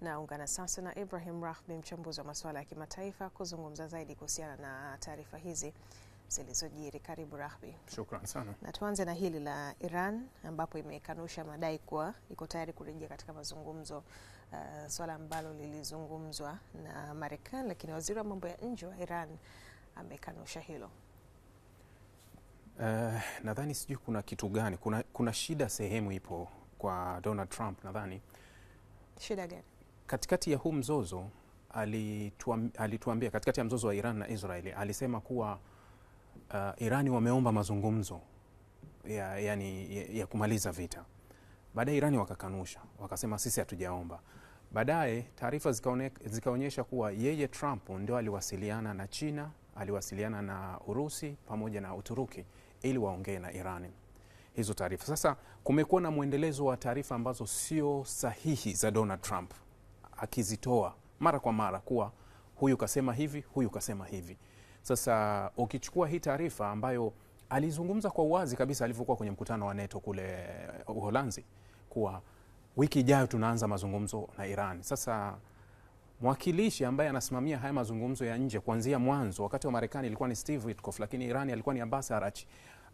Naungana sasa na Ibrahim Rahbi, mchambuzi wa masuala ya kimataifa, kuzungumza zaidi kuhusiana na taarifa hizi zilizojiri. Karibu Rahbi. Shukran sana. Na tuanze na hili la Iran ambapo imekanusha madai kuwa iko tayari kurejea katika mazungumzo, uh, swala ambalo lilizungumzwa na Marekani, lakini waziri wa mambo ya nje wa Iran amekanusha hilo. Uh, nadhani sijui kuna kitu gani, kuna, kuna shida sehemu ipo kwa Donald Trump nadhani. Shida gani? Katikati ya huu mzozo alituambia, katikati ya mzozo wa Iran na Israeli alisema kuwa uh, Irani wameomba mazungumzo ya, yani, ya, ya kumaliza vita. Baadaye Irani wakakanusha wakasema sisi hatujaomba. Baadaye taarifa zikaonyesha kuwa yeye Trump ndio aliwasiliana na China, aliwasiliana na Urusi pamoja na Uturuki ili waongee na Irani hizo taarifa. Sasa kumekuwa na mwendelezo wa taarifa ambazo sio sahihi za Donald Trump akizitoa mara kwa mara kuwa huyu kasema hivi, huyu kasema hivi. Sasa ukichukua hii taarifa ambayo alizungumza kwa uwazi kabisa alivyokuwa kwenye mkutano wa NATO kule uh, Uholanzi kuwa wiki ijayo tunaanza mazungumzo na Iran. Sasa mwakilishi ambaye anasimamia haya mazungumzo ya nje kuanzia mwanzo, wakati wa Marekani ilikuwa ni Steve Witkoff, lakini Iran alikuwa ni Abbas Arachi.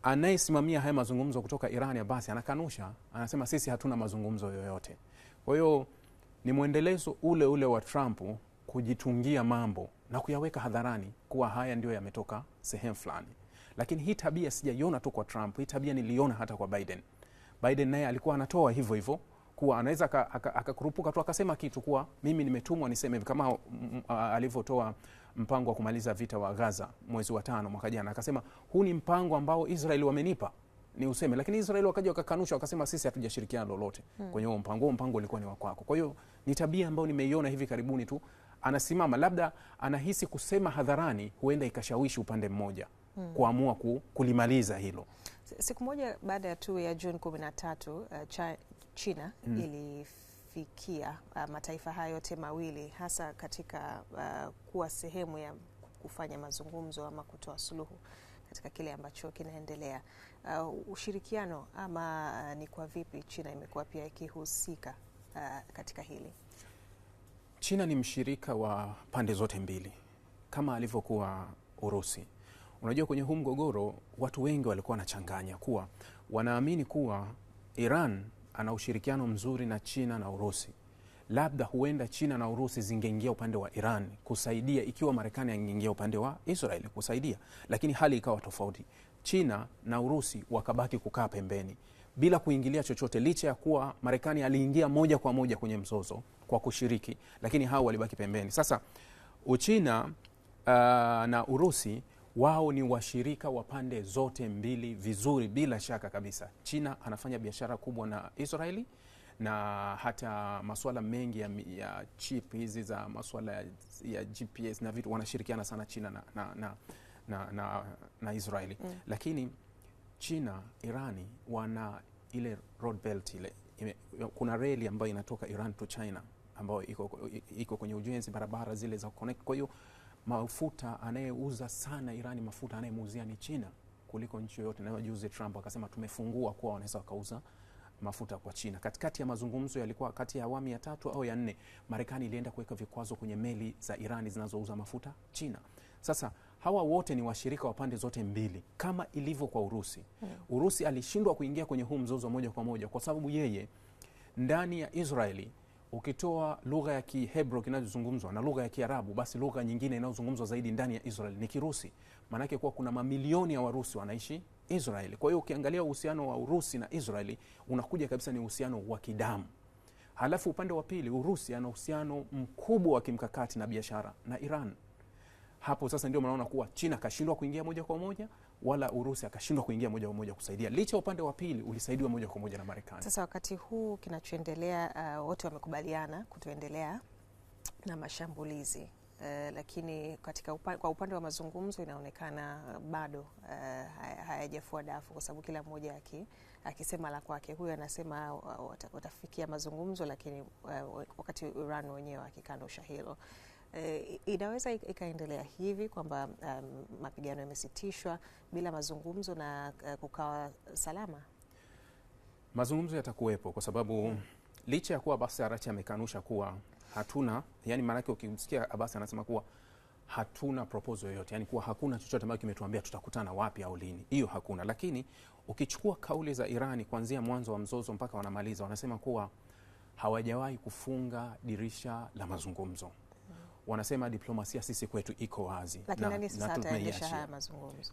Anayesimamia haya mazungumzo kutoka Iran, Abbas anakanusha, anasema sisi hatuna mazungumzo yoyote. Kwa hiyo ni mwendelezo ule ule wa Trump kujitungia mambo na kuyaweka hadharani kuwa haya ndio yametoka sehemu fulani. Lakini hii tabia sijaiona tu kwa Trump, hii tabia niliona hata kwa Biden. Biden naye alikuwa anatoa hivyo hivyo kuwa anaweza akakurupuka tu akasema kitu kuwa mimi nimetumwa niseme hivi, kama mm, alivyotoa mpango wa kumaliza vita wa Gaza mwezi wa tano mwaka jana, akasema huu ni mpango ambao Israel wamenipa ni useme, lakini Israel wakaja wakakanusha, wakasema sisi hatujashirikiana lolote hmm, kwenye huo mpango. Huo mpango ulikuwa ni wa kwako, kwa hiyo ni tabia ambayo nimeiona hivi karibuni tu, anasimama labda anahisi kusema hadharani, huenda ikashawishi upande mmoja hmm, kuamua ku, kulimaliza hilo. Siku moja baada ya tu ya Juni 13 uh, China hmm, ilifikia uh, mataifa haya yote mawili hasa katika uh, kuwa sehemu ya kufanya mazungumzo ama kutoa suluhu katika kile ambacho kinaendelea. Uh, ushirikiano ama uh, ni kwa vipi China imekuwa pia ikihusika uh, katika hili? China ni mshirika wa pande zote mbili kama alivyokuwa Urusi. Unajua, kwenye huu mgogoro watu wengi walikuwa wanachanganya kuwa wanaamini kuwa Iran ana ushirikiano mzuri na China na Urusi, labda huenda China na Urusi zingeingia upande wa Iran kusaidia, ikiwa Marekani angeingia upande wa Israel kusaidia, lakini hali ikawa tofauti. China na Urusi wakabaki kukaa pembeni bila kuingilia chochote, licha ya kuwa Marekani aliingia moja kwa moja kwenye mzozo kwa kushiriki, lakini hao walibaki pembeni. Sasa Uchina uh, na Urusi wao ni washirika wa pande zote mbili vizuri, bila shaka kabisa. China anafanya biashara kubwa na Israeli na hata masuala mengi ya, ya chip hizi za masuala ya, ya GPS na vitu wanashirikiana sana China na, na, na, na, na, na Israeli mm. lakini China, Irani wana ile road belt ile ime, kuna reli ambayo inatoka Iran to China ambayo iko, iko kwenye ujenzi barabara zile za connect. Kwa hiyo mafuta anayeuza sana Irani, mafuta anayemuuzia ni China kuliko nchi yoyote. Na juzi Trump akasema tumefungua kuwa wanaweza wakauza mafuta kwa China. Katikati ya mazungumzo yalikuwa kati ya awamu ya tatu au ya nne, Marekani ilienda kuweka vikwazo kwenye meli za Irani zinazouza mafuta China. Sasa hawa wote ni washirika wa pande zote mbili, kama ilivyo kwa Urusi. Urusi alishindwa kuingia kwenye huu mzozo moja kwa moja kwa sababu yeye ndani ya Israeli ukitoa lugha ya Kihebro kinachozungumzwa na lugha ya Kiarabu, basi lugha nyingine inayozungumzwa zaidi ndani ya Israel ni Kirusi. Maanake kuwa kuna mamilioni ya Warusi wanaishi Israel. Kwa hiyo ukiangalia uhusiano wa Urusi na Israeli unakuja kabisa ni uhusiano wa kidamu. Halafu upande wa pili, Urusi ana uhusiano mkubwa wa kimkakati na biashara na Iran hapo sasa ndio mnaona kuwa China akashindwa kuingia moja kwa moja wala Urusi akashindwa kuingia moja kwa moja kusaidia, licha upande wa pili ulisaidiwa moja kwa moja na Marekani. Sasa wakati huu kinachoendelea, uh, wote wamekubaliana kutoendelea na mashambulizi uh, lakini katika upa, kwa upande wa mazungumzo inaonekana bado uh, hayajafua dafu, kwa sababu kila mmoja aki akisema la kwake. Huyu anasema uh, watafikia mazungumzo, lakini uh, wakati Iran wenyewe akikana usha hilo eh, inaweza ikaendelea hivi kwamba um, mapigano yamesitishwa bila mazungumzo na uh, kukawa salama? Mazungumzo yatakuwepo kwa sababu hmm. Licha ya kuwa Abbas Arachi amekanusha kuwa hatuna, yani maanake ukimsikia Abbas anasema kuwa hatuna proposal yoyote, yani kuwa hakuna chochote ambacho kimetuambia tutakutana wapi au lini, hiyo hakuna. Lakini ukichukua kauli za Irani kuanzia mwanzo wa mzozo mpaka wanamaliza, wanasema kuwa hawajawahi kufunga dirisha la mazungumzo wanasema diplomasia sisi kwetu iko wazi na, na tunaiacha.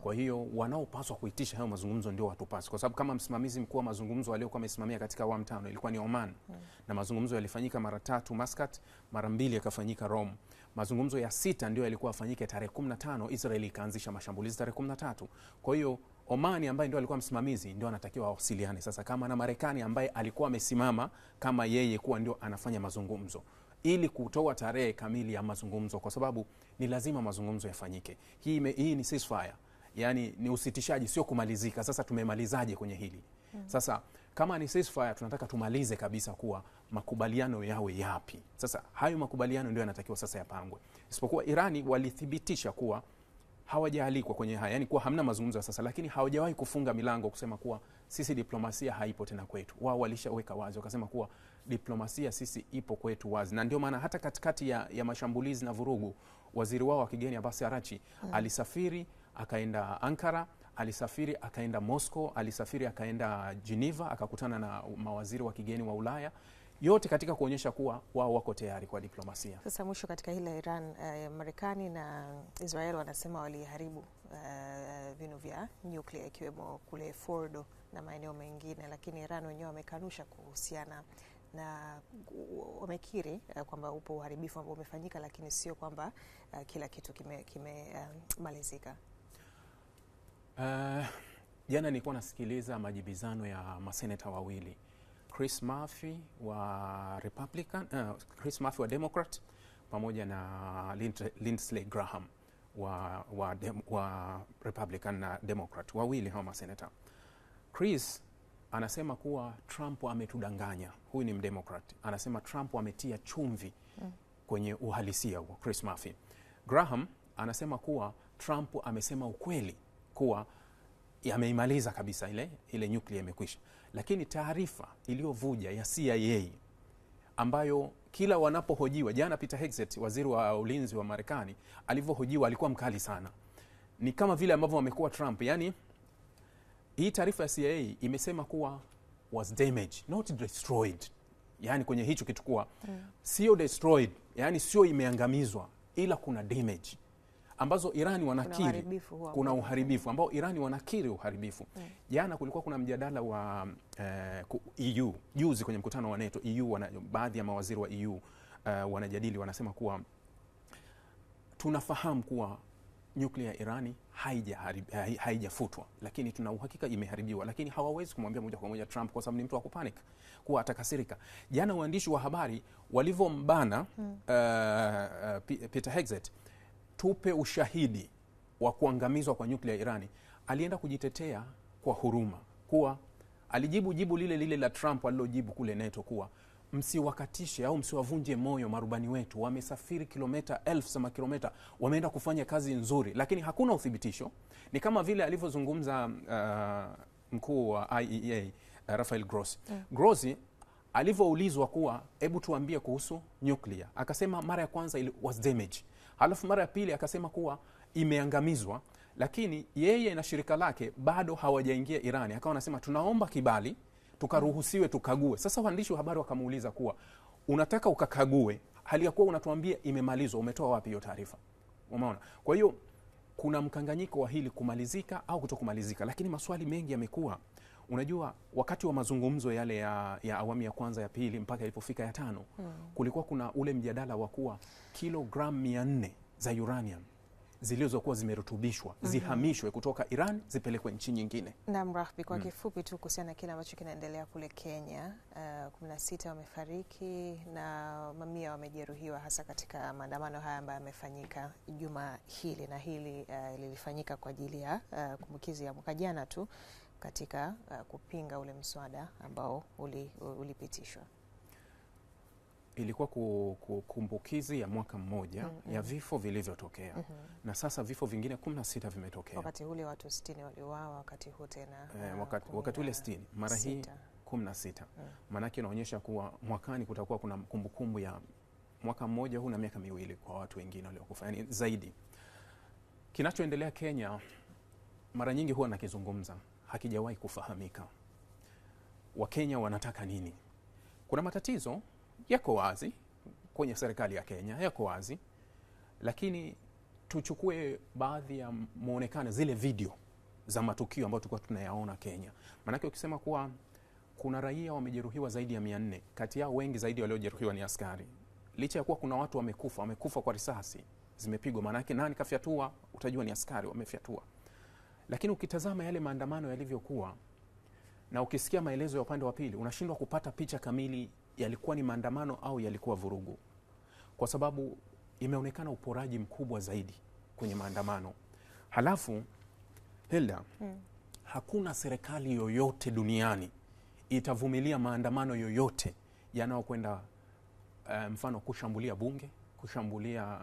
Kwa hiyo wanaopaswa kuitisha hayo mazungumzo ndio watupasi, kwa sababu kama msimamizi mkuu wa mazungumzo aliyokuwa amesimamia katika awamu tano ilikuwa ni Oman hmm. na mazungumzo yalifanyika mara tatu Muscat, mara mbili yakafanyika Rome. Mazungumzo ya sita ndio yalikuwa afanyike tarehe 15, Israeli ikaanzisha mashambulizi tarehe 13. Kwa hiyo Omani ambaye ndio alikuwa msimamizi ndio anatakiwa awasiliane sasa, kama na Marekani ambaye alikuwa amesimama kama yeye kuwa ndio anafanya mazungumzo ili kutoa tarehe kamili ya mazungumzo, kwa sababu ni lazima mazungumzo yafanyike. Hii, hii ni ceasefire, yani ni usitishaji, sio kumalizika. Sasa tumemalizaje kwenye hili? Hmm. Sasa kama ni ceasefire, tunataka tumalize kabisa kuwa makubaliano yawe yapi? Sasa hayo makubaliano ndio yanatakiwa sasa yapangwe, isipokuwa Irani walithibitisha kuwa hawajaalikwa kwenye haya, yani kuwa hamna mazungumzo ya sasa, lakini hawajawahi kufunga milango kusema kuwa sisi diplomasia haipo tena kwetu. Wao walishaweka wazi, wakasema kuwa diplomasia sisi ipo kwetu wazi, na ndio maana hata katikati ya, ya mashambulizi na vurugu, waziri wao wa kigeni Abbas Arachi hmm. alisafiri akaenda Ankara, alisafiri akaenda Moscow, alisafiri akaenda Geneva, akakutana na mawaziri wa kigeni wa Ulaya yote katika kuonyesha kuwa wao wako tayari kwa diplomasia. Sasa mwisho katika hili la Iran, uh, Marekani na Israel wanasema waliharibu uh, vinu vya nyuklia ikiwemo kule Fordo na maeneo mengine, lakini Iran wenyewe wamekanusha kuhusiana na wamekiri uh, kwamba upo uharibifu ambao umefanyika, lakini sio kwamba uh, kila kitu kimemalizika kime, uh, uh, jana nilikuwa nasikiliza majibizano ya maseneta wawili Chris Murphy wa Republican, uh, Chris Murphy wa Democrat pamoja na Lindsey Graham wa, wa, dem, wa Republican na Democrat, wawili hawa maseneta Chris anasema kuwa Trump ametudanganya. Huyu ni mdemokrat, anasema Trump ametia chumvi kwenye uhalisia wa Chris Murphy Graham anasema kuwa Trump amesema ukweli kuwa yameimaliza kabisa ile, ile nyuklia imekwisha, lakini taarifa iliyovuja ya CIA ambayo kila wanapohojiwa jana, Peter Hegseth waziri wa ulinzi wa Marekani alivyohojiwa alikuwa mkali sana, ni kama vile ambavyo wamekuwa Trump yani hii taarifa ya CIA imesema kuwa was damaged not destroyed, yani kwenye hicho kitu kuwa mm. sio destroyed, yani sio imeangamizwa, ila kuna damage ambazo Irani wanakiri kuna uharibifu, kuna uharibifu ambao Irani wanakiri uharibifu mm. jana. Kulikuwa kuna mjadala wa uh, eh, EU e juzi kwenye mkutano wa NATO EU wana, baadhi ya mawaziri wa EU uh, eh, wanajadili wanasema kuwa tunafahamu kuwa nyuklia ya Irani eh, haijafutwa lakini tuna uhakika imeharibiwa, lakini hawawezi kumwambia moja kwa moja Trump kwa sababu ni mtu wa kupanic kuwa atakasirika. Jana waandishi wa habari walivyombana hmm, uh, Peter Hegseth, tupe ushahidi wa kuangamizwa kwa nyuklia ya Irani, alienda kujitetea kwa huruma kuwa alijibu jibu lile lile la Trump alilojibu kule NATO kuwa msiwakatishe au msiwavunje moyo marubani wetu. Wamesafiri kilomita elfu sama kilomita, wameenda kufanya kazi nzuri, lakini hakuna uthibitisho. Ni kama vile alivyozungumza uh, mkuu wa iea uh, Rafael Grossi yeah. Mm. Grossi alivyoulizwa kuwa hebu tuambie kuhusu nyuklia, akasema mara ya kwanza ili was damage, halafu mara ya pili akasema kuwa imeangamizwa, lakini yeye na shirika lake bado hawajaingia Irani. Akawa anasema tunaomba kibali tukaruhusiwe tukague. Sasa waandishi wa habari wakamuuliza kuwa unataka ukakague hali ya kuwa unatuambia imemalizwa, umetoa wapi hiyo taarifa? Umeona? Kwa hiyo kuna mkanganyiko wa hili kumalizika au kutokumalizika, lakini maswali mengi yamekuwa Unajua, wakati wa mazungumzo yale ya, ya awamu ya kwanza ya pili mpaka ilipofika ya tano, mm, kulikuwa kuna ule mjadala wa kuwa kilogramu mia nne za uranium zilizokuwa zimerutubishwa mm -hmm. zihamishwe kutoka Iran zipelekwe nchi nyingine. Naam, Rahbi, kwa mm. kifupi tu kuhusiana na kile ambacho kinaendelea kule Kenya, uh, 16 wamefariki na mamia wamejeruhiwa hasa katika maandamano haya ambayo yamefanyika juma hili na hili uh, lilifanyika kwa ajili ya uh, kumbukizi ya mwaka jana tu katika uh, kupinga ule mswada ambao ulipitishwa uli ilikuwa kumbukizi ya mwaka mmoja mm -hmm. ya vifo vilivyotokea mm -hmm. na sasa vifo vingine 16 vimetokea. Wakati ule watu 60 waliuawa, wakati huu tena e, wakati, wakati ule 60 mara hii 16 mm. Maanake inaonyesha kuwa mwakani kutakuwa kuna kumbukumbu kumbu ya mwaka mmoja huu na miaka miwili kwa watu wengine waliokufa, yani zaidi. Kinachoendelea Kenya mara nyingi huwa nakizungumza, hakijawahi kufahamika Wakenya wanataka nini. Kuna matatizo yako wazi kwenye serikali ya Kenya, yako wazi, lakini tuchukue baadhi ya muonekano, zile video za matukio ambayo tulikuwa tunayaona Kenya, maanake ukisema kuwa kuna raia wamejeruhiwa zaidi ya mia nne, kati yao wengi zaidi waliojeruhiwa ni askari, licha ya kuwa kuna watu wamekufa, wamekufa kwa risasi zimepigwa. Maanake nani kafyatua? Utajua ni askari wamefyatua. Lakini ukitazama yale maandamano yalivyokuwa na ukisikia maelezo ya upande wa pili, unashindwa kupata picha kamili yalikuwa ni maandamano au yalikuwa vurugu, kwa sababu imeonekana uporaji mkubwa zaidi kwenye maandamano. Halafu Hilda, hmm. hakuna serikali yoyote duniani itavumilia maandamano yoyote yanayokwenda uh, mfano kushambulia bunge, kushambulia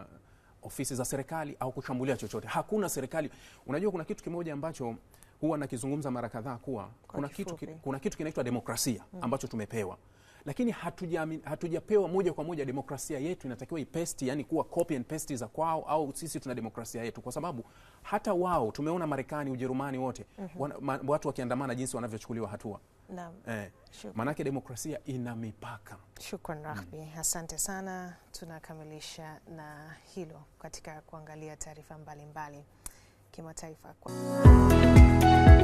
ofisi za serikali au kushambulia chochote. Hakuna serikali. Unajua, kuna kitu kimoja ambacho huwa nakizungumza mara kadhaa kuwa kuna kitu, kuna kitu kinaitwa demokrasia hmm. ambacho tumepewa lakini hatujapewa moja kwa moja. Demokrasia yetu inatakiwa ipesti, yani kuwa copy and paste za kwao, au sisi tuna demokrasia yetu? Kwa sababu hata wao tumeona Marekani, Ujerumani, wote mm -hmm. wana, watu wakiandamana jinsi wanavyochukuliwa hatua eh, maanake demokrasia ina mipaka. Shukran Rahbi mm. Asante sana, tunakamilisha na hilo katika kuangalia taarifa mbalimbali kimataifa kwa